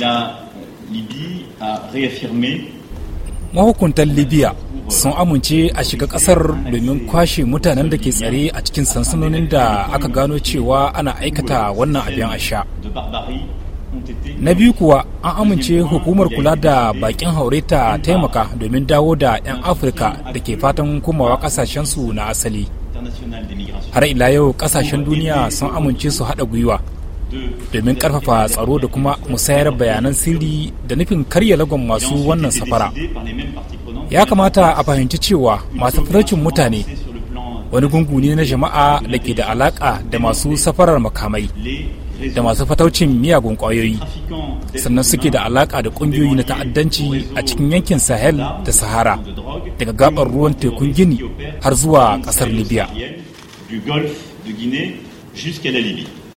La Libye a réaffirmé mahukuntan libya sun amince a shiga kasar domin kwashe mutanen da ke tsare a cikin sansanonin da aka gano cewa ana aikata wannan abin asha na biyu kuwa an amince hukumar kula da bakin haure ta taimaka domin dawo da 'yan afirka da ke fatan komawa kasashensu na asali har ila yau kasashen duniya sun amince su haɗa gwiwa domin karfafa tsaro da kuma musayar bayanan sirri da nufin karya lagon masu wannan safara ya kamata a fahimci cewa masu farcin mutane wani gungu ne na jama'a da ke da alaka da masu safarar makamai da masu fataucin miyagun kwayoyi sannan suke da alaka da kungiyoyi na ta'addanci a cikin yankin sahel da sahara daga gabar ruwan tekun gini har zuwa kasar libya